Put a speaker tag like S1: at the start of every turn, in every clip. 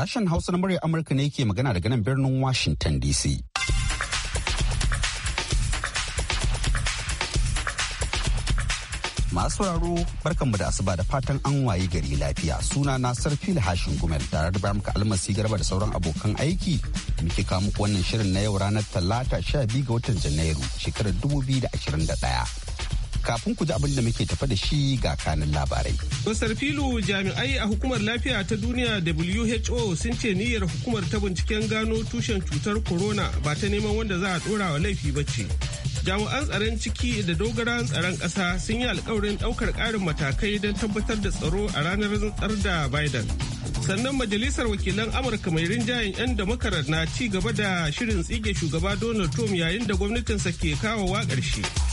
S1: Sashen Hausa na murya Amurka ne ke magana daga nan birnin Washington DC. Masu sauraro barkanmu da asuba da fatan an waye gari lafiya suna na sarfi hashin gumel tare da muka almasi garba da sauran abokan aiki muke kawo muku wannan shirin na yau ranar talata 12 ga watan janairu shekarar 2021. kafin ku ji abin da muke tafa da shi ga kanin labarai.
S2: Mr. Filu jami'ai a hukumar lafiya ta duniya WHO sun ce niyyar hukumar ta binciken gano tushen cutar corona ba ta neman wanda za a dora wa laifi ba ce. Jami'an tsaron ciki da dogara tsaron ƙasa sun yi alkawarin ɗaukar ƙarin matakai don tabbatar da tsaro a ranar tsar da Biden. sannan majalisar wakilan amurka mai rinjayen 'yan damakarar na ci gaba da shirin tsige shugaba donald trump yayin da gwamnatinsa ke kawowa ƙarshe.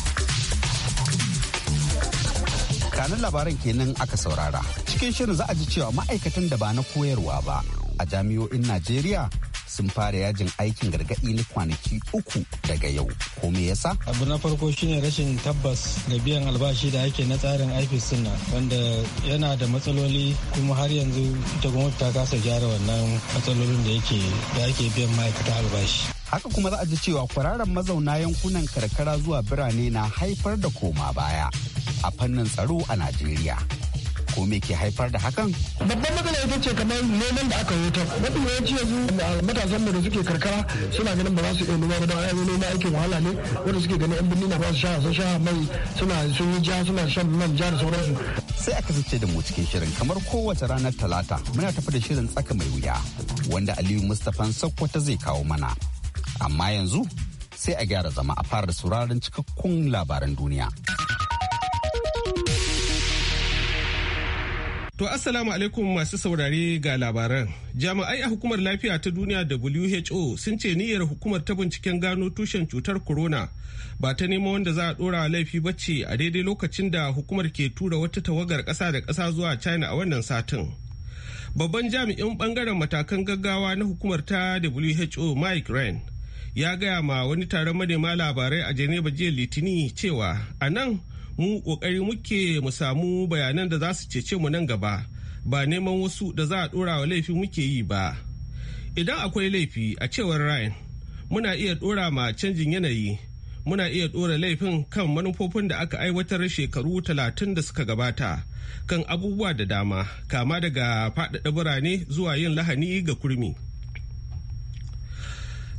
S1: kanin labaran kenan aka saurara cikin shirin za a ji cewa ma'aikatan da ba na koyarwa ba a jami'o'in najeriya sun fara yajin aikin gargaɗi na kwanaki uku daga yau ko me
S3: yasa abu na farko shine rashin tabbas ga biyan albashi da ake na tsarin aifis suna wanda yana da matsaloli kuma har yanzu ita gwamnati ta kasa gyara wannan matsalolin da yake da ake biyan ma'aikata albashi
S1: haka kuma za a ji cewa kwararan mazauna yankunan karkara zuwa birane na haifar da koma baya a fannin tsaro a Najeriya. ko me ke haifar da hakan? Babban
S4: matsala ita ce kamar neman da aka yi ta. Mafi yawanci yanzu matasan mu da suke karkara suna
S1: ganin ba za su iya noma ba don ayyuka noma aikin wahala ne wanda suke ganin yan birni na ba su sha sun sha mai suna sun yi ja suna shan man ja da sauransu. Sai aka zace da mu cikin shirin kamar kowace ranar talata muna tafi da shirin tsaka mai wuya wanda Aliyu Mustapha Sokoto zai kawo mana. Amma yanzu sai a gyara zama a fara da sauraron cikakkun labaran duniya.
S2: To Assalamu alaikum masu saurare ga labaran. Jami'ai a hukumar lafiya ta duniya WHO sun ce niyyar hukumar ta binciken gano tushen cutar corona ba ta neman wanda za a dora laifi bacci a daidai lokacin da hukumar ke tura wata tawagar ƙasa da ƙasa zuwa China a wannan satin. Babban jami'in bangaren matakan gaggawa na hukumar ta WHO Mike Ryan ya gaya ma wani taron manema labarai a Geneva jiya Litini cewa a nan mu kokari muke mu samu bayanan da za su cece mu nan gaba ba neman wasu da za a dora wa laifi muke yi ba idan akwai laifi a cewar ryan muna iya dora ma canjin yanayi muna iya dora laifin kan manufofin da aka aiwatar shekaru talatin da suka gabata kan abubuwa da dama kama daga faɗaɗa birane zuwa yin lahani ga kurmi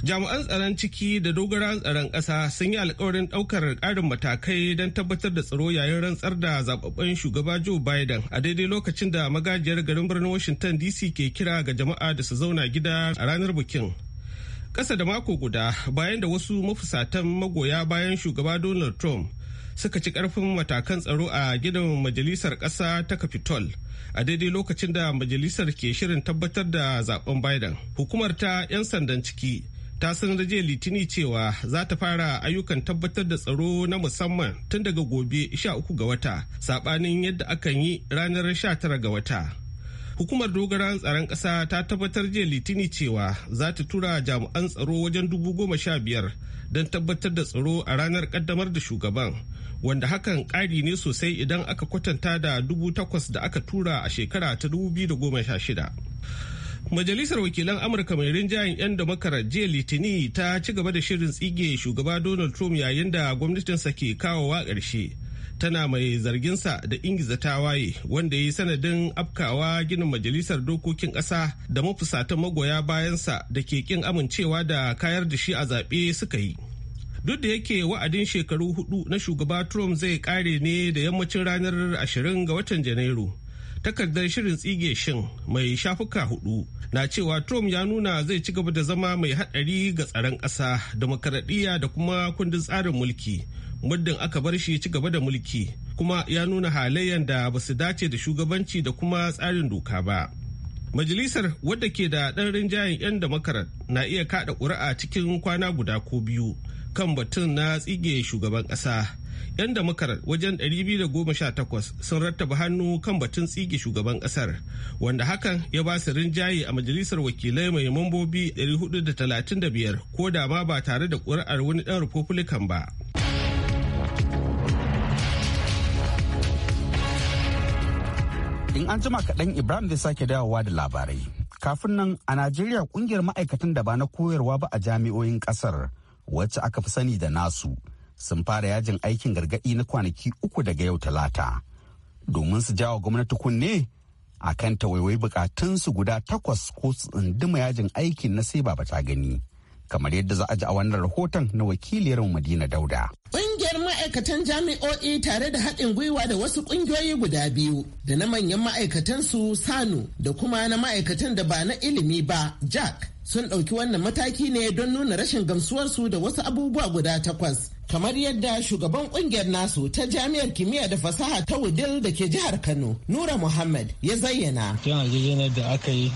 S2: jami'an tsaron ciki da dogara tsaron ƙasa sun yi alkawarin ɗaukar ƙarin matakai don tabbatar da tsaro yayin rantsar da zababben shugaba joe biden a daidai lokacin da magajiyar garin birnin washington dc ke kira ga jama'a da su zauna gida a ranar bikin ƙasa da mako guda bayan da wasu mafusatan magoya bayan shugaba donald trump suka ci karfin matakan tsaro a gidan majalisar ƙasa ta capitol a daidai lokacin da majalisar ke shirin tabbatar da zaben biden hukumar ta 'yan sandan ciki ta sanar jiya litini cewa za ta fara ayyukan tabbatar da tsaro na musamman tun daga gobe 13 ga wata sabanin yadda akan yi ranar 19 ga wata hukumar dogaran tsaron ƙasa ta tabbatar jiya litini cewa za ta tura jami'an tsaro wajen dubu biyar don tabbatar da tsaro a ranar kaddamar da shugaban wanda hakan kari ne sosai idan aka kwatanta da 8,000 da aka tura a shekara ta 2016. Majalisar Wakilan Amurka mai rinjayen 'yan damakarar jiya Litini ta ci gaba da shirin tsige shugaba Donald Trump yayin da gwamnatinsa ke wa ƙarshe. Tana mai zarginsa da ingiza ta waye, wanda ya yi sanadin afkawa ginin majalisar dokokin ƙasa da mafusatan magoya bayansa da ke ƙin amincewa da kayar da shi a zaɓe suka yi. Duk da yake wa'adin shekaru hudu na shugaba Trump zai ƙare ne da yammacin ranar 20 ga watan Janairu. takardar shirin tsige shin mai shafuka hudu na cewa trump ya nuna zai ci gaba da zama mai hadari ga tsaron kasa demokradiyya da kuma kundin tsarin mulki muddin aka bar shi ci gaba da mulki kuma ya nuna halayen da ba su dace da shugabanci da kuma tsarin doka ba majalisar wadda ke da ɗan rinjayen 'yan demokrat na iya kada ƙuri'a cikin kwana guda ko biyu kan batun na tsige shugaban ƙasa 'yan damakarar wajen 218 sun rattaba hannu kan batun tsige shugaban kasar wanda hakan ya ba su rinjaye a majalisar wakilai mai mambobi 435 ko da ma ba tare da ƙuri'ar wani ɗan republican ba in an
S1: jima kaɗan ibrahim zai sake dawowa da labarai kafin nan a najeriya kungiyar ma'aikatan da ba na koyarwa ba a jami'oyin ƙasar wacce aka fi sani da nasu sun fara yajin aikin gargaɗi na kwanaki uku daga yau talata domin su jawo gwamnati kunne a kan tawaiwai bukatunsu guda takwas ko su tsunduma yajin aikin na sai ba ta gani kamar yadda za a ji a wannan rahoton na wakiliyar Madina Dauda.
S5: Ƙungiyar ma'aikatan jami'o'i tare da haɗin gwiwa da wasu ƙungiyoyi guda biyu da na manyan ma'aikatan su Sanu da kuma na ma'aikatan da ba na ilimi ba Jack sun ɗauki wannan mataki ne don nuna rashin gamsuwarsu da wasu abubuwa guda takwas kamar yadda shugaban kungiyar nasu ta jami'ar kimiyya da fasaha ta wudil da ke jihar kano nura muhammad ya zayyana
S3: yan yarjejeniyar da aka yi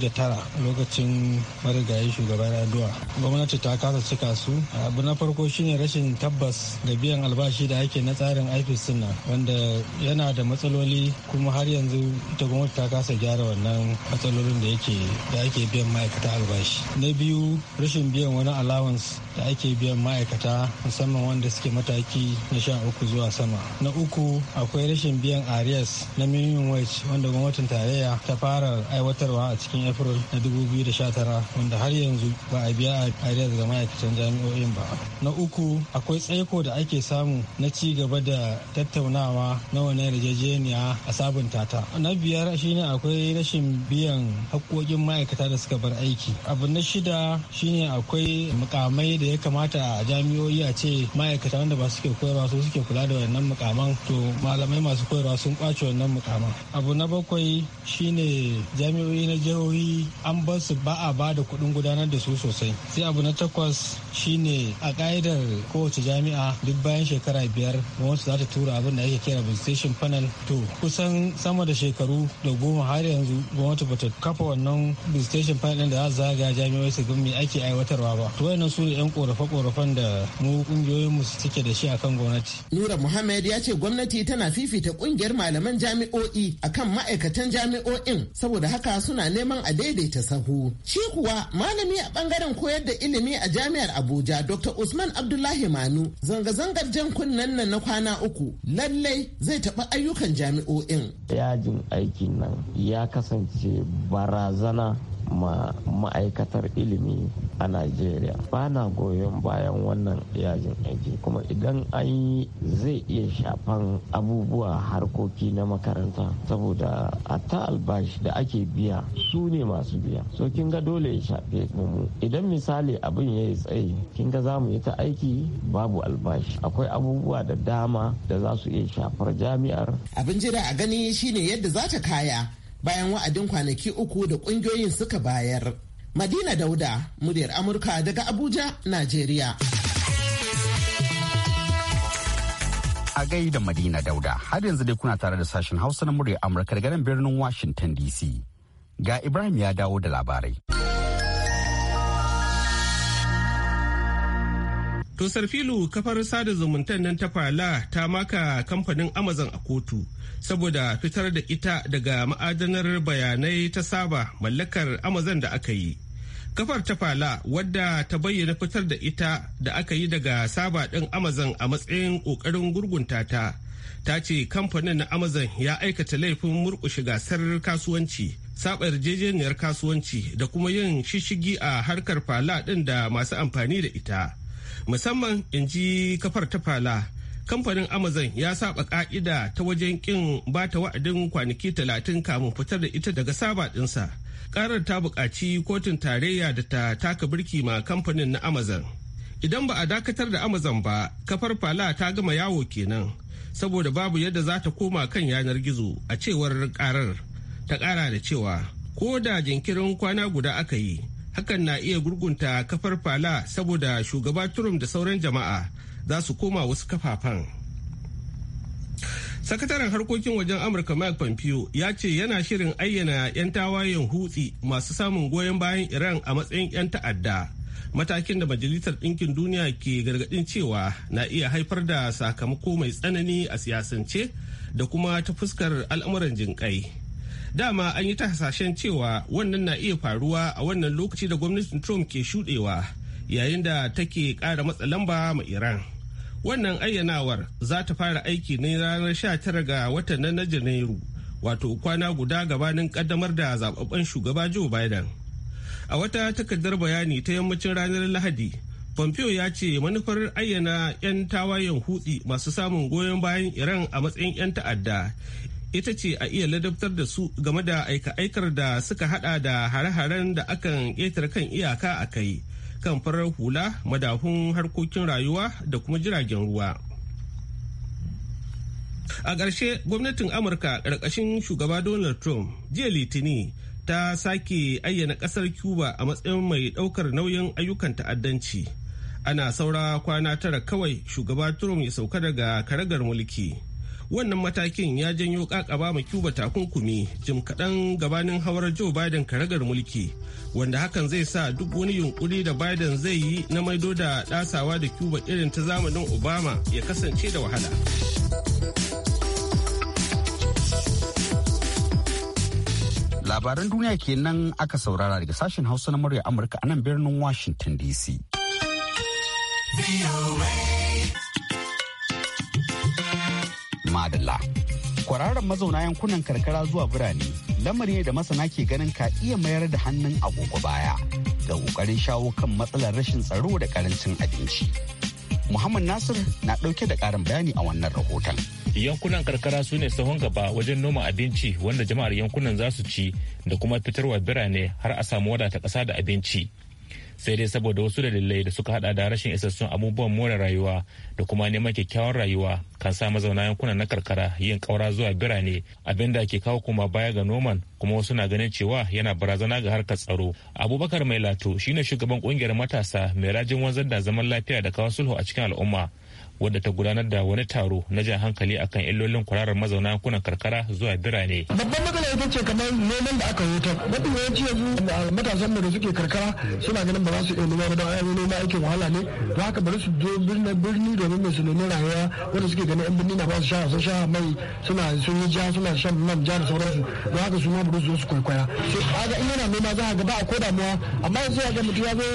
S3: da tara lokacin marigayi shugaban addu'a gwamnati ta kasa cika su abu na farko shine rashin tabbas da biyan albashi da ake na tsarin ifis nan wanda yana da matsaloli kuma har yanzu ita gwamnati ta kasa gyara wannan matsalolin da yake ake biyan ma'aikata albashi na biyu rashin biyan wani allowance da ake biyan ma'aikata musamman wanda suke mataki na sha uku zuwa sama na uku akwai rashin biyan arias na minimum wage wanda gwamnatin tarayya ta fara aiwatarwa a cikin april na 2019 wanda har yanzu ba a biya arias ga ma'aikatan jami'o'in ba na uku akwai tsaiko da ake samu na ci gaba da tattaunawa na wani yarjejeniya a sabunta ta na biyar shine akwai rashin biyan haƙƙoƙin ma'aikata da suka bar aiki abu na shida shine akwai mukamai da da ya kamata a jami'o'i a ce ma'aikata wanda ba suke koyarwa su suke kula da wannan mukaman to malamai masu koyarwa sun kwace wannan mukaman abu na bakwai shine jami'o'i na jihohi an bar su ba a ba da kuɗin gudanar da su sosai sai abu na takwas shine a ka'idar kowace jami'a duk bayan shekara biyar wasu za ta tura abin da ake kira visitation panel to kusan sama da shekaru da goma har yanzu gwamnati bata kafa wannan visitation panel da za zaga jami'o'i su gumi ake aiwatarwa ba to
S5: wayannan su ne yan korafe-korafen da mu kungiyoyinmu suke da shi akan gwamnati. Nura Muhammad ya ce gwamnati tana fifita kungiyar malaman jami'o'i akan ma'aikatan jami'o'in saboda haka suna neman a daidaita sahu. Shi kuwa malami a bangaren koyar da ilimi a jami'ar Abuja Dr. Usman Abdullahi Manu zanga-zangar jan kunnen nan na kwana uku lallai zai taɓa ayyukan jami'o'in. Yajin aikin nan ya kasance barazana ma ma'aikatar ilimi a najeriya ba na goyon bayan wannan yajin aiki kuma idan an yi zai iya shafan abubuwa harkoki na makaranta saboda a ta albashi da ake biya su ne masu biya so kin ga dole ya shafe mu idan misali abin ya yi tsaye kin ga za mu yi ta aiki babu albashi akwai abubuwa da dama da za su iya shafar jami'ar abin jira a gani shine yadda za ta kaya bayan wa'adin kwanaki uku da kungiyoyin suka bayar. Madina Dauda, muryar Amurka daga Abuja, Najeriya. A
S1: gaida Madina Dauda, har yanzu dai kuna tare da sashen Hausa na muryar Amurka daga nan birnin Washington DC.
S2: Ga Ibrahim ya dawo da labarai. To Sarfilu kafar sada zumuntan nan ta fala ta maka kamfanin Amazon a kotu saboda fitar da ita daga ma'adanar bayanai ta saba mallakar Amazon da aka yi. Kafar ta fala wadda ta bayyana fitar da ita da aka yi daga saba ɗin Amazon a matsayin ƙoƙarin gurgunta ta. Ta ce kamfanin na Amazon ya aikata laifin murƙushe gasar kasuwanci, saɓar jejeniyar kasuwanci da kuma yin shishigi a harkar fala ɗin da masu amfani da ita. musamman in ji kafar ta fala kamfanin amazon ya saba ka'ida ta wajen kin ba ta wa'adin kwanaki talatin kamun fitar da ita daga saba dinsa karar ta buƙaci kotun tarayya da ta taka birki ma kamfanin na amazon idan ba a dakatar da amazon ba kafar fala ta gama yawo kenan saboda babu yadda za ta koma kan yanar gizo a cewar karar ta kara da cewa ko da jinkirin kwana guda aka yi hakan na iya gurgunta kafar fala saboda shugaba turum da sauran jama'a za su koma wasu kafafan sakataren harkokin wajen amurka mike pompeo ya ce yana shirin ayyana 'yan tawayen hutsi masu samun goyon bayan iran a matsayin 'yan ta'adda matakin da majalisar ɗinkin duniya ke gargaɗin cewa na iya haifar da sakamako mai tsanani a siyasance da kuma ta fuskar al'amuran jinƙai. dama an yi ta hasashen cewa wannan na iya faruwa a wannan lokaci da gwamnatin trump ke shudewa yayin da take kara matsa lamba ma iran wannan ayyanawar za ta fara aiki ne ranar 19 ga watan nan na janairu wato kwana guda gabanin kaddamar da zababben shugaba joe biden a wata takardar bayani ta yammacin ranar lahadi pompeo ya ce manufar ayyana 'yan tawayen hutsi masu samun goyon bayan iran a matsayin 'yan ta'adda ita ce a iya ladabtar da su game da aika-aikar da suka hada da hare-haren da akan ƙetare kan iyaka a kai kan farar hula madafun harkokin rayuwa da kuma jiragen ruwa a ƙarshe gwamnatin amurka ƙarƙashin shugaba donald trump jiya litini ta sake ayyana ƙasar cuba a matsayin mai ɗaukar nauyin ayyukan ta'addanci ana saura kwana tara kawai shugaba trump ya sauka daga karagar mulki. wannan matakin ya janyo kakaba ma cuba takunkumi jim kaɗan gabanin hawar joe biden karagar mulki wanda hakan zai sa duk wani yunkuri da biden zai yi na maido da ɗasawa da cuba irin ta zamanin obama ya kasance da wahala
S1: labaran duniya kenan aka saurara daga sashen hausa na murya amurka a nan birnin washington dc madalla kwararan mazauna yankunan karkara zuwa birane lamari ne da masana ke ganin ka iya mayar da hannun agogo baya ga kokarin shawo kan matsalar rashin tsaro da karancin abinci muhammad nasir na ɗauke da ƙarin bayani a wannan rahoton
S6: yankunan karkara su ne sahun gaba wajen noma abinci wanda jama'ar yankunan za su ci da kuma fitarwa birane har a samu wadata ƙasa da abinci sai dai saboda wasu dalilai da suka hada da rashin isassun abubuwan more rayuwa da kuma neman kyakkyawan rayuwa kan sa mazauna yankunan na karkara yin kaura zuwa birane abin da ke kawo kuma baya ga noman kuma wasu na ganin cewa yana barazana ga harkar tsaro abubakar mai lato shine shugaban kungiyar matasa mai rajin wanzar da zaman lafiya da kawo sulhu a cikin al'umma wadda ta gudanar da wani taro na jan hankali akan illolin kwararar mazauna yankunan karkara zuwa birane.
S4: Babban matsala ita ce kamar noman da aka huta. Mafi yawanci yanzu matasan da suke karkara suna ganin ba za su iya noma ba don ayyukan noma aikin wahala ne. Ba haka bari su zo birni birni domin mai su nemi rayuwa wanda suke ganin yan birni na ba su sha sun sha mai suna sun yi ja suna shan man ja da sauransu. Ba haka su ma bari su zo su kwaikwaya. Kaga in yana nema za a ga ba a ko damuwa amma yanzu ya ga mutum ya zo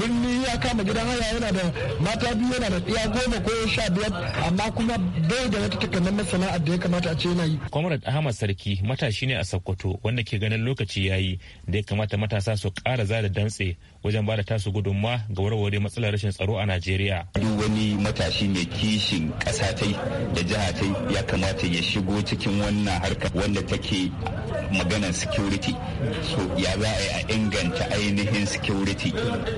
S4: birni ya kama gidan haya yana da mata biyu yana da ɗaya goma ko sha biyar amma kuma bai da wata
S6: takamaiman sana'ar da ya kamata a ce yana yi. Comrade Ahmad Sarki matashi ne a Sokoto wanda ke ganin lokaci yayi da ya kamata matasa su kara zada dantse wajen ba da tasu gudunmawa ga warware matsalar rashin tsaro a Najeriya.
S1: Duk wani matashi mai kishin ƙasa tai da jiha tai ya kamata ya shigo cikin wannan harkar wanda take maganar security. So ya za a yi a inganta ainihin security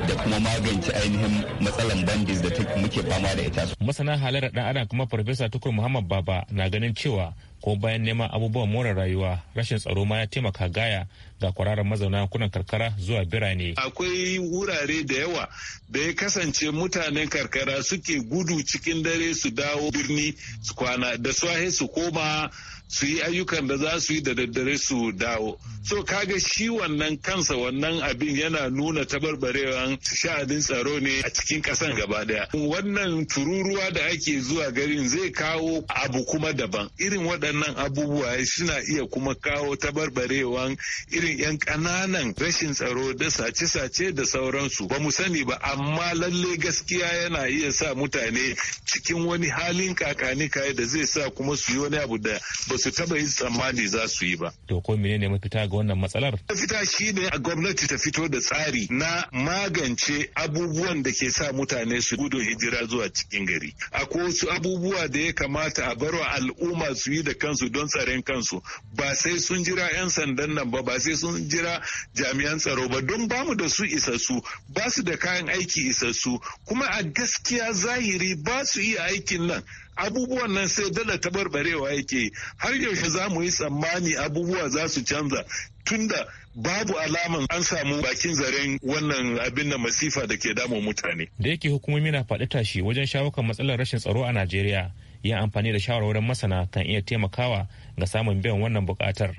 S1: da kuma magance ainihin
S6: matsalan bandits da muke fama da ita. Masana halarar ɗan adam kuma Farfesa Tukur Muhammad Baba na ganin cewa ko bayan neman abubuwan more rayuwa rashin tsaro ma ya taimaka gaya ga kwararan mazauna yankunan karkara zuwa birane.
S7: Akwai wurare da yawa da ya kasance mutanen karkara suke gudu cikin dare su dawo birni su kwana da swahe su koma su yi ayyukan da za su yi da daddare su dawo so kaga shi wannan kansa wannan abin yana nuna tabarbarewan sha'adin tsaro ne a cikin kasan gaba daya wannan tururuwa da ake zuwa garin zai kawo abu kuma daban irin waɗannan abubuwa suna iya kuma kawo tabarbarewan irin yan ƙananan rashin tsaro da sace-sace da sauransu ba mu sani ba amma lalle gaskiya yana iya sa mutane cikin wani halin kakani da zai sa kuma su yi wani abu da ba ba su taba yin tsammani za su yi ba.
S6: To ko menene mafita ga wannan matsalar?
S7: Mafita shi ne a gwamnati ta fito da tsari na magance abubuwan da ke sa mutane su gudun hijira zuwa cikin gari. Akwai wasu abubuwa da ya kamata a barwa al'umma su yi da kansu don tsaron kansu ba sai sun jira 'yan sandan nan ba ba sai sun jira jami'an tsaro ba don ba mu da su isassu ba su da kayan aiki isassu kuma a gaskiya zahiri ba su iya aikin nan. abubuwan nan sai dala tabarbarewa yake har yaushe za mu yi tsammani abubuwa za su canza tunda babu alaman an samu bakin zaren wannan abin da masifa da ke damun mutane.
S6: Da yake hukumomi na faɗi tashi wajen shawo kan matsalar rashin tsaro a Najeriya, yin amfani da shawarwarin masana kan iya taimakawa ga samun biyan wannan buƙatar.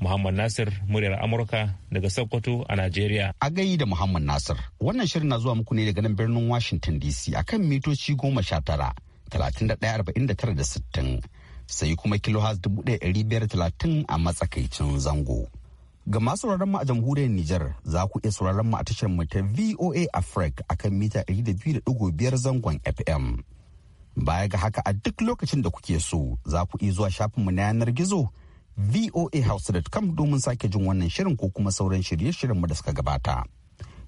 S6: Muhammad Nasir muryar Amurka daga Sokoto a Najeriya. A gayi da Muhammad Nasir, wannan shirin na zuwa muku ne daga nan
S1: birnin Washington DC akan mitoci goma sha tara, 31.49 sai kuma kilohaz 1530 a matsakaicin zango. Ga masu mu a jamhuriyar Nijar za ku iya sauraron mu a tashar mu ta VOA Africa kan mita 200.5 zangon FM. Baya ga haka a duk lokacin da kuke so za ku iya zuwa shafin mu na yanar gizo voahouse.com domin sake jin wannan shirin ko kuma sauran shirye mu da suka gabata.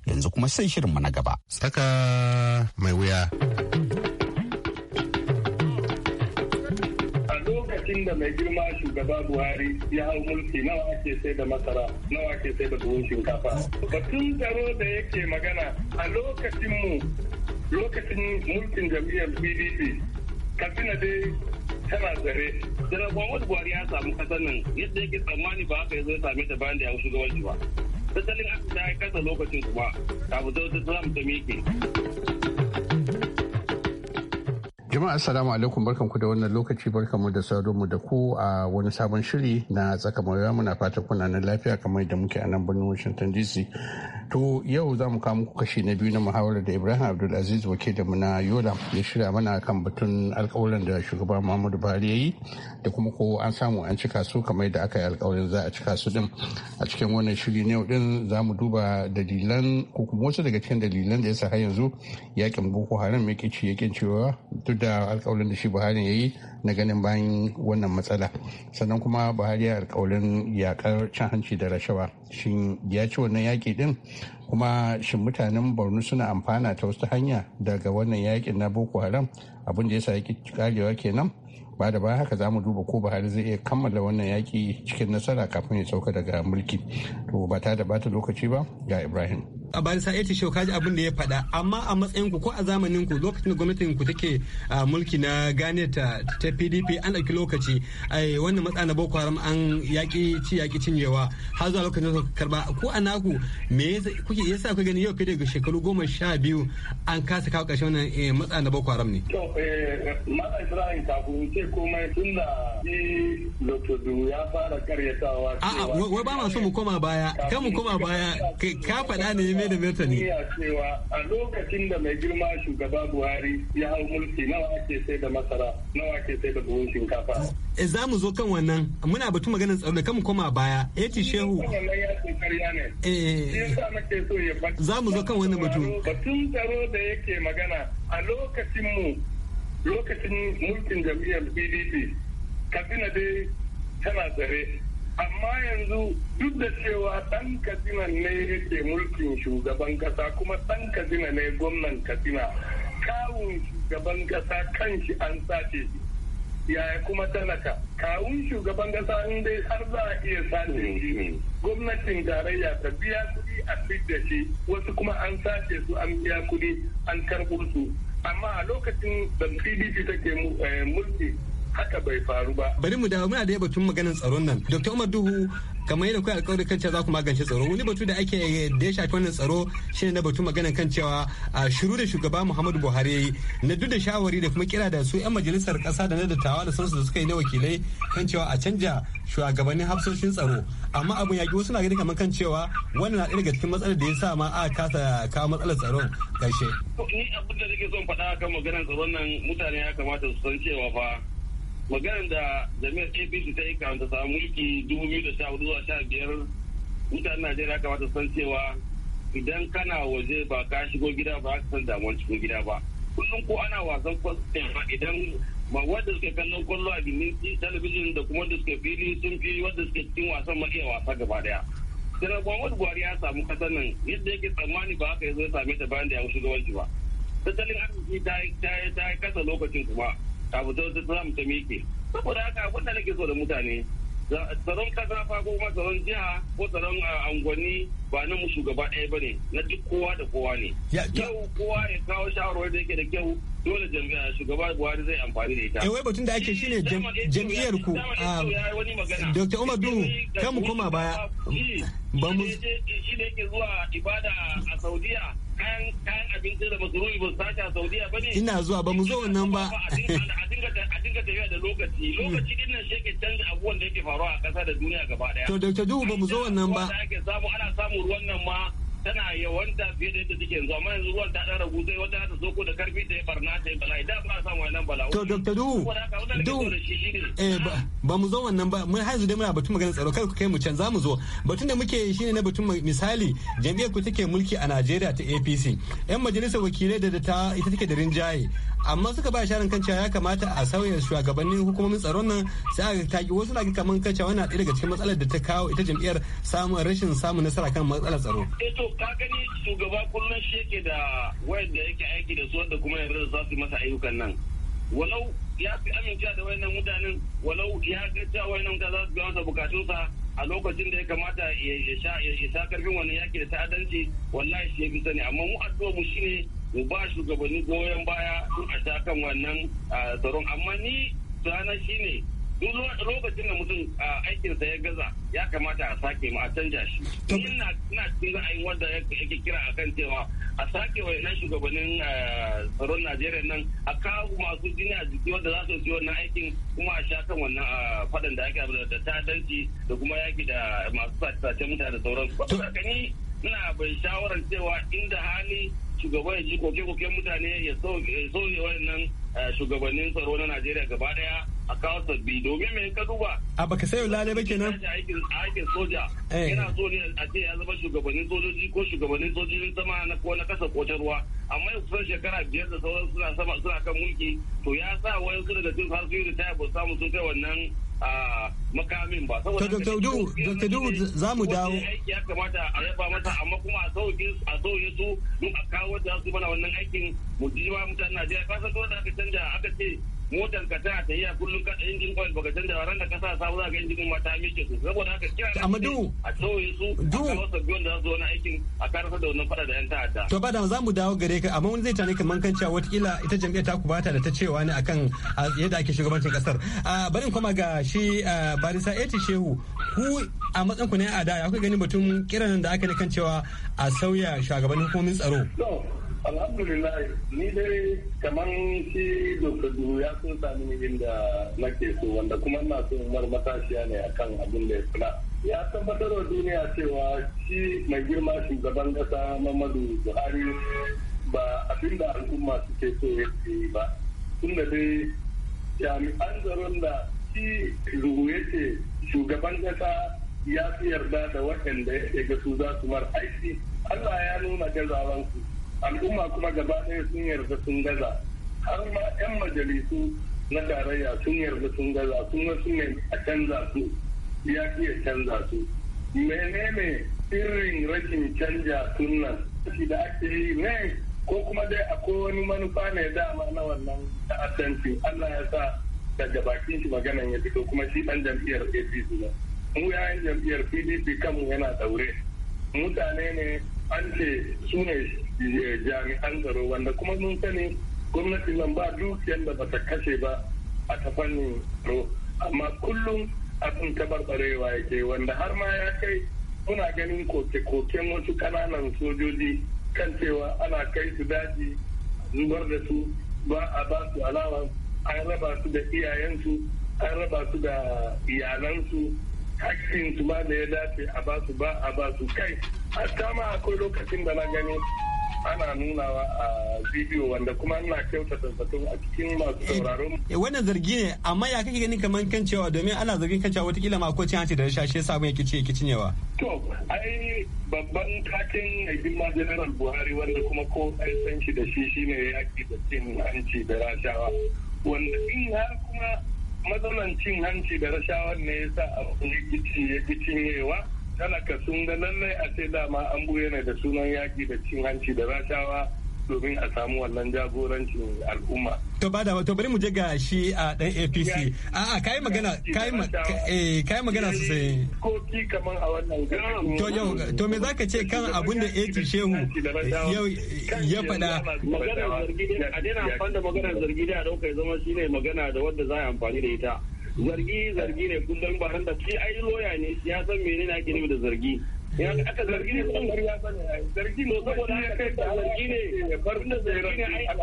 S1: Yanzu kuma sai shirin mu na gaba. Saka mai wuya.
S8: lokacin da mai girma shugaba buhari ya hau mulki nawa ake sai da masara nawa ake sai da buhun shinkafa batun tsaro da yake magana a lokacin mu lokacin mulkin jam'iyyar pdp katsina dai tana zare jira buhari ya samu kasar nan yadda yake tsammani ba haka ya ya same ta bayan da ya wuce gawar ba tattalin arziki ya kasa lokacin kuma kafin ta wata ta miƙe.
S9: Jama'a assalamu alaikum ku da wannan lokaci mu da sauranmu da ku a wani sabon shiri na tsaka mawuya muna fata kuna nan lafiya kamar da muke a nan birnin Washington DC. To yau za mu kawo muku kashi na biyu na muhawarar da Ibrahim Abdulaziz da muna Yola ya shirya mana kan batun alkawuran da shugaban Muhammadu Buhari ya yi da kuma ko an samu an cika su kamar da aka yi alkawarin za a cika su din. A cikin wannan shiri ne yau din za mu duba dalilan ko kuma wasu daga cikin dalilan da ya sa har yanzu yakin Boko Haram ke ci yakin cewa da alkawalin da shi buhari ya yi na ganin bayan wannan matsala sannan kuma buhari ya alkawalin yakar cin hanci da rashawa shin ya ci wannan yaƙi din kuma shin mutanen borno suna amfana ta wasu hanya daga wannan yaƙin na boko haram abin da ya sa karewa kenan ba da baya haka za mu duba ko buhari zai iya kammala wannan yaƙi cikin nasara kafin ya sauka daga mulki to ba ta da bata lokaci ba ga ibrahim
S4: a bari sa ce shau kaji abin da ya faɗa amma a matsayin ku ko a zamanin ku lokacin da gwamnatin ku take mulki na gane ta ta PDP an ɗauki lokaci wannan matsa na Boko Haram an yaƙi ci yaƙi cinyewa har zuwa lokacin da karba ko a naku me kuke yasa ku gani yau fi daga shekaru goma sha biyu an kasa kawo ƙarshen wannan eh, matsa na Boko Haram ne. To
S8: eh, Mala Ibrahim kafin ce komai tun da Lotodu ya fara karyatawa. A'a
S4: wai ba ma so mu koma baya kan mu koma baya ka faɗa ne ne da
S8: ya cewa a lokacin da mai girma shugaba buhari ya hau mulki nawa ake sai da masara nawa ake sai da buhun shinkafa
S4: eh, za mu zo kan wannan muna batu maganin tsaro da kan koma baya eh, ya ci eh, shehu
S8: za mu zo kan wannan batu batun tsaro da yake magana a lokacin mu lokacin mulkin jam'iyyar pdp katsina dai tana tsare amma yanzu duk da cewa ɗan katsina ne yake mulkin shugaban kasa kuma ɗan katsina ne gwamnan katsina kawun shugaban kasa kanshi an sace shi yaya kuma talaka kawun shugaban kasa in dai har za a iya sace shi gwamnatin tarayya ta biya kuɗi a da shi wasu kuma an sace su an biya kuɗi an karɓo su amma a lokacin da pdp take eh, mulki haka bai faru ba
S4: bari mu dawo muna da batun maganin tsaron nan dr umar duhu kamar yadda kuka alƙawari kan cewa za ku magance tsaro wani batu da ake da ya shafi wannan tsaro shine na batun maganan kan cewa a shiru da shugaba muhammadu buhari yayi na duk da shawari da kuma kira da su yan majalisar ƙasa da na dattawa da sansu da suka yi na wakilai kan cewa a canja shugabannin hafsoshin tsaro amma abun yaƙi wasu na gani kamar kan cewa wannan na ɗaya daga cikin matsalar da ya sa ma a kasa kawo matsalar tsaron ƙarshe.
S8: ni abin da nake son faɗa kan maganar tsaron nan mutane ya kamata su san cewa fa maganar da jami'ar apc ta yi ta samu mulki hudu zuwa na mutanen najeriya kamata san cewa idan kana waje ba ka shigo gida ba ka san damuwar shigo gida ba kullum ko ana wasan kwallo idan ma wanda suke kallon kwallo a binin talabijin da kuma wanda suke fili sun fi wanda suke cikin wasan ma iya wasa gaba daya sanar muhammad buhari ya samu kasar nan yadda yake tsammani ba haka ya zo ya same ta bayan da ya shugabanci ba tattalin arziki ta yi kasa lokacin kuma abu da za mu ta miƙe saboda haka wanda nake so da mutane tsaron kasa fa ko kuma tsaron jiha ko tsaron angwani ba na mu shugaba ɗaya ba ne na duk kowa da kowa ne yau kowa ya kawo shawarwar da yake da kyau dole jam'iyyar shugaba buhari zai amfani da ita eh, wai
S4: batun da ake shi ne jam'iyyar ku dr umar duhu kan mu koma baya
S8: shi ne yake zuwa ibada a saudiya kayan abinci da makaroni ba sata saudiya ba ne ina zuwa ba mu zo wannan ba a dinga tafiya da lokaci hmm. lokaci din nan shi ke canza abubuwan da yake faruwa a ƙasa da duniya gaba daya to dr duhu ba mu zo wannan ba ana samun ruwan nan ma tana yawanta fiye da yadda take yanzu amma yanzu ruwan ta dan ragu sai wata ta soko da karfi ta barna ta yi bala'i da ba a samu wannan bala'u to dr duhu du eh
S4: ba mu zo wannan ba mun haizu dai muna batun magana tsaro kai ku kai mu can za mu zo batun da muke yi shine na batun misali jam'iyyar ku take mulki a Najeriya ta APC yan majalisar wakilai da ta ita take da rinjaye amma suka ba sharin kan cewa ya kamata a sauya shugabannin hukumomin tsaron nan sai aka taki wasu na kaman kan cewa wannan ɗaya daga cikin matsalar da ta kawo ita jam'iyyar samun rashin samun nasara kan matsalar tsaro.
S8: Eh to ka gani shugaba kullum shi yake da wayanda yake aiki da su wanda kuma yanzu za su masa ayyukan nan walau ya fi amincewa da wayannan mutanen walau ya ga cewa wayannan za su biya masa bukatunsa a lokacin da ya kamata ya sha karfin wannan yaki da ta'addanci wallahi shi ya fi sani amma mu addu'a mu shine mu ba shugabanni goyon baya in a sha kan wannan tsaron amma ni shi ne, duk lokacin da mutum aikinsa ya gaza ya kamata a sake ma a canja shi ina cikin ra'ayin wanda yake kira a kan cewa a sake wa nan shugabannin tsaron najeriya nan a kawo masu jini a jiki wanda za su yi wannan aikin kuma a sha kan wannan fadan da ake da ta'addanci da kuma yaki da masu sace mutane da sauransu. Ba ina bai shawarar cewa inda hali shugaba ya ji koke-koken mutane ya sauye wannan eh, shugabannin tsaro na Najeriya gaba daya a kawo sabbi domin mai ka duba.
S4: A baka sayo lale ba kenan?
S8: Aikin soja. Eh. Yana so ne a ce ya zama shugabannin sojoji ko shugabannin sojojin sama na ko na kasa ko ruwa. Amma ya kusan shekara biyar da sauran suna sama suna kan mulki to ya sa suna da cikin har su yi ritaya ba samu sun kai wannan makamin ba saboda to Dr. Duhu
S5: Dr. za mu dawo aiki
S8: ya kamata a raba mata amma kuma a sauke a sauke su don a kawo da su mana wannan aikin mu ji ma mutanen Najeriya ka san da aka canja aka ce motar ka tana iya kullum kada injin oil baka canza ran da ka sa sabu za ka injin mata ta miƙe su saboda haka kira da Amadu a tsoye su a wasu biyun da za su wani aikin a karasa da wannan fada da yan ta'adda. To
S4: ba da za mu dawo gare ka amma wani zai tani kaman kan cewa watakila ita jam'iyyar ta ku bata da ta cewa ne akan yadda ake shugabancin kasar. barin kuma ga shi Barisa Eti Shehu ku a matsayin ku ne a da ya kuka gani batun kiran da aka ne kan cewa a sauya shugabannin hukumomin tsaro.
S8: alhamdulillah ni dai kamar shi dokar duru ya so sami inda nake so wanda kuma na so mar matashiya ne akan abin da ya kula ya tabbatar wa duniya cewa shi mai girma shugaban kasa mamadu buhari ba abin da al'umma suke so ya yi ba tunda dai jami'an tsaron da shi ruhu ya ce shugaban kasa ya fi yarda da waɗanda ya ga su za su mar aiki allah ya nuna gazawansu al'umma kuma gaba ɗaya sun yarda sun gaza har ma 'yan majalisu na tarayya sun yarda sun gaza kuma sun a canza su ya iya canza su menene irin rashin canja sunan shi da ake yi ne ko kuma dai akwai wani manufa ne dama na wannan ta'addanci Allah ya sa daga bakin shi maganan ya fito kuma shi ɗan jam'iyyar APC ne mu yayin jam'iyyar PDP kanmu yana daure mutane ne an ce su ne Eh, jami'an tsaro wanda kuma mun sani gwamnati nan ba dukiyar da bata kashe ba a ta fannin tsaro amma kullum abin tabarbarewa yake wanda har ma ya kai muna ganin koke-koken wasu kananan sojoji kan cewa ana kai su daji zubar da su ba a ba su alawa an raba su da iyayensu an raba su da iyalansu hakkin su ma da ya dace a ba su ba a ba su kai hatta ma akwai lokacin da na gani ana nunawa a bidiyo wanda kuma ana kyautata zaton a cikin masu eh, sauraron.
S4: Eh, wannan zargi ne amma ya kake ganin kamar kan cewa domin ana zargin kan cewa watakila ma ko cin hanci da rasha shi yasa abin yake ci yake cinyewa.
S8: to ai babban katin yakin ma general buhari wanda kuma ko ai san shi da shi shine yaki da cin hanci da rashawa wanda in har kuma matsalan cin hanci da rashawa ne yasa abin ya ci ya cinyewa. talaka sun ga lallai a ce dama an buye ne da sunan yaki da cin hanci da rashawa domin a samu wannan jagorancin al'umma.
S4: To ba da to bari mu je ga shi a dan APC. A'a kai magana kai eh kai magana sosai. Eh, koki kaman a wannan To yau to me zaka ce kan abun da Eti Shehu yau ya faɗa. Magana zargi a dena amfani
S8: da magana zargi da dauka zama shine magana da wanda za a amfani da ita. zargi zargi ne kullum ba da shi ai loya ne ya san menene ake nufi da zargi ya aka zargi ne kuma ya bane zargi ne saboda aka kai zargi ne farin da zargi ne ai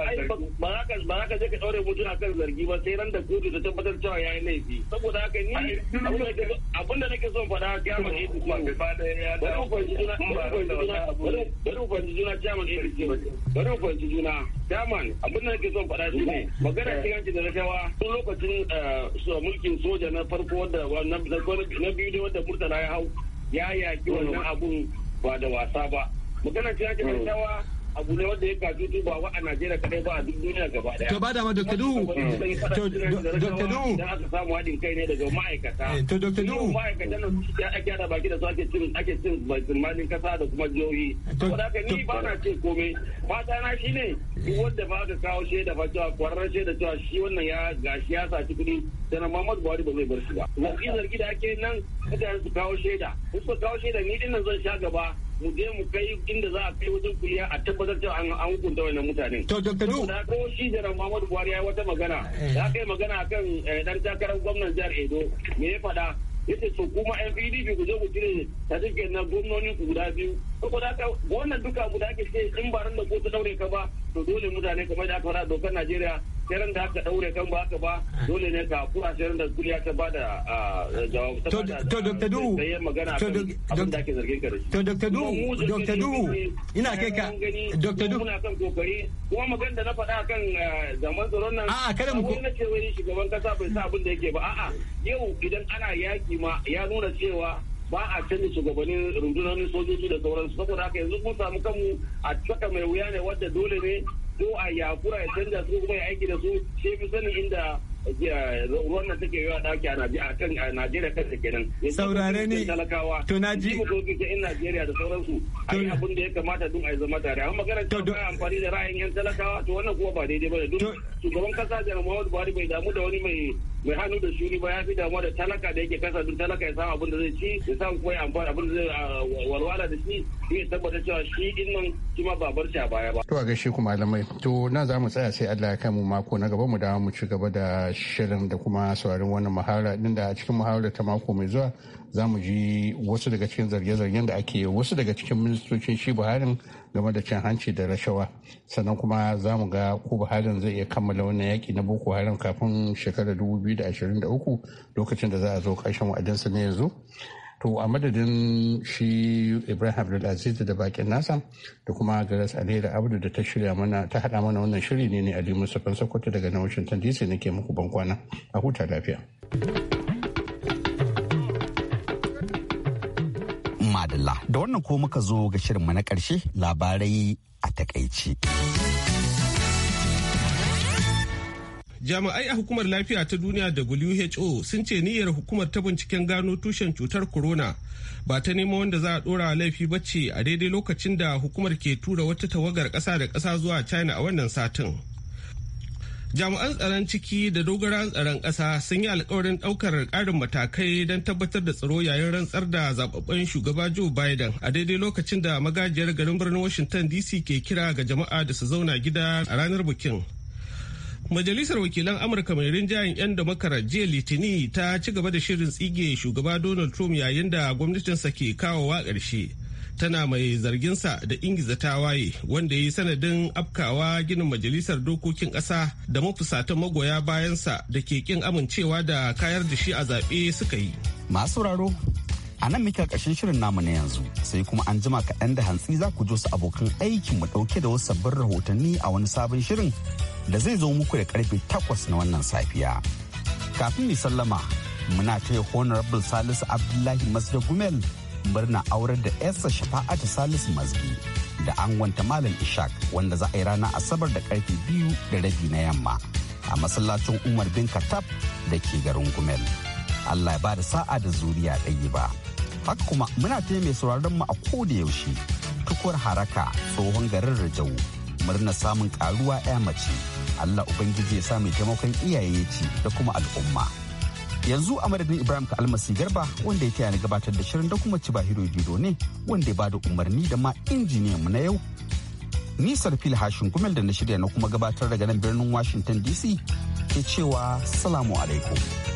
S8: ba haka ba haka zai ka daure mutum akan zargi ba sai ran da kotu ta tabbatar cewa yayi laifi saboda haka ni abin da nake son faɗa ga mu ne kuma ba da ya da bari ku juna bari ku fanci juna chairman ADC bari ku fanci juna chairman abin da nake son faɗa shi ne magana kiranci da rashawa tun lokacin eh, mulkin soja na farko wanda na biyu ne wanda murtala ya hau ya yaki mm. wannan abun ba da wasa ba magana ta da rashawa mm. abu ne wanda ya kaji duk ba wa a Najeriya kadai ba a duk duniya gaba daya. To ba ma Dr. Nuhu. Mm. Dr. Nuhu. Da aka samu haɗin kai ne daga ma'aikata. Eh, to Dr. ma'aikata Ma'aikatan su ya ake da baki da su ake cin ake cin baitulmanin kasa da kuma jihohi. to da haka ni ba na ce komai. Fata na shi ne duk wanda ba ka kawo shaida ba cewa kwararren shaida cewa shi wannan ya gashi ya saci kuɗi sanar muhammadu buhari ba zai bar su ba mafi zargi da ake nan kada su kawo shaida in su kawo shaida ni nan zan sha gaba mu je mu kai inda za a kai wajen kuliya a tabbatar da an hukunta wannan mutanen. To Dr. Du. Na ko shi jiran Muhammadu Buhari ya yi wata magana. Eh. Ya kai magana akan dan eh, takarar gwamnan jihar Edo. Me ya faɗa? Yace to kuma 'yan PDP ku je ku cire sadiƙin na gwamnoni guda biyu saboda haka wannan duka da ake ce in ba ran da kotu daure ka ba to dole mutane kamar da aka fara dokar Najeriya sai da aka daure kan ba haka ba dole ne ka kura sai da kuliya ta bada jawabi ta to Dr. Duhu to Dr. Duhu Dr. Duhu ina kai ka Dr. Duhu muna kan kokari kuma magana da na faɗa kan zaman tsaron nan a'a kada mu ko na ce wani shugaban kasa bai sa abin da yake ba a'a yau idan ana yaki ma ya nuna cewa ba a canza shugabannin rundunonin sojoji da sauransu saboda haka yanzu mun samu kanmu a saka mai wuya ne wanda dole ne ko a yakura ya canza su kuma ya aiki da su shi fi sanin inda wannan nan take yawa dauke a Najeriya kan da kenan. Saurare talakawa to na ji. Mu doki ta in Najeriya da sauransu. a yi abin da ya kamata duk ai zama tare. Amma magana ta ba amfani da ra'ayin yan talakawa to wannan kuma ba daidai ba ne. Duk shugaban kasa Janar Muhammadu Buhari bai damu da wani mai mai hannu da shuri ba ya fi damuwa da talaka da yake kasa don talaka ya samu abin da zai ci ya samu kuma ya amfani abin da zai walwala da shi shi ya tabbata cewa shi din nan shi ma ba shi a baya ba.
S9: To a gaishe ku malamai to na za mu tsaya sai Allah ya kai mu mako na gaba mu dawo mu ci gaba da shirin da kuma sauraron wannan muhawara din da a cikin muhawara ta mako mai zuwa za mu ji wasu daga cikin zarge-zargen da ake wasu daga cikin ministocin shi buharin game da cin hanci da rashawa sannan kuma za mu ga ko buharin zai iya kammala wannan yaki na boko haram kafin shekarar 2023 lokacin da za a zo ƙarshen wa'adinsa na yanzu to a madadin shi ibrahim abdulaziz da bakin nasa da kuma garas da abdu da ta shirya mana ta hada mana wannan shiri ne ne ali mustapha sokoto daga na washington dc nake muku bankwana a huta lafiya. Abdullah. Da wannan
S1: ko muka zo ga shirinmu na ƙarshe labarai a takaici.
S2: Jami'ai a hukumar lafiya ta duniya da WHO sun ce niyyar hukumar ta binciken gano tushen cutar corona ba ta nemo wanda za a dora laifi bacci a daidai lokacin da hukumar ke tura wata tawagar ƙasa da ƙasa zuwa China a wannan satin. jami'an tsaron ciki da dogara tsaron ƙasa sun yi alkawarin ɗaukar ƙarin matakai don tabbatar da tsaro yayin rantsar da zababben shugaba joe biden a daidai lokacin da magajiyar garin birnin washington dc ke kira ga jama'a da su zauna gida a ranar bikin Majalisar Wakilan Amurka mai rinjayen 'yan damakara jiya Litini ta ci gaba da shirin tsige shugaba Donald Trump yayin da gwamnatinsa ke kawowa ƙarshe. tana mai zarginsa da ingiza ta waye. wanda ya yi sanadin afkawa ginin majalisar dokokin ƙasa da mafusatan magoya bayansa da ke kin amincewa da kayar da shi a zaɓe suka yi.
S1: Masu raro, a nan muke ƙarshen shirin namu na yanzu sai kuma an jima kaɗan da hantsi za ku su abokan aikin mu ɗauke da wasu sabbin rahotanni a wani sabon shirin da zai zo muku da karfe takwas na wannan safiya. Kafin mu sallama, muna taya Honorable Salisu Abdullahi Masjid Gumel murna aurar da shafa'a shafa'atu salisu mazgi da angonta malam ishaq wanda za a yi ranar asabar da karfe biyu da rabi na yamma a masallacin umar bin katab da ke garin gumel allah ya ba da sa'a da zuriya ɗayi ba haka kuma muna taya mai sauraron mu a koda yaushe tukur haraka tsohon garin rajau murna samun karuwa ya mace allah ubangiji ya sa mai taimakon iyaye ce da kuma al'umma yanzu a madadin ibrahim ka almasi garba wanda ya taya ni gabatar da shirin da kuma ci bahiro gido ne wanda ya bada umarni da ma injiniyan mu na yau ni sarfil hashin gumel da na shirya na kuma gabatar daga nan birnin washington dc ke cewa salamu alaikum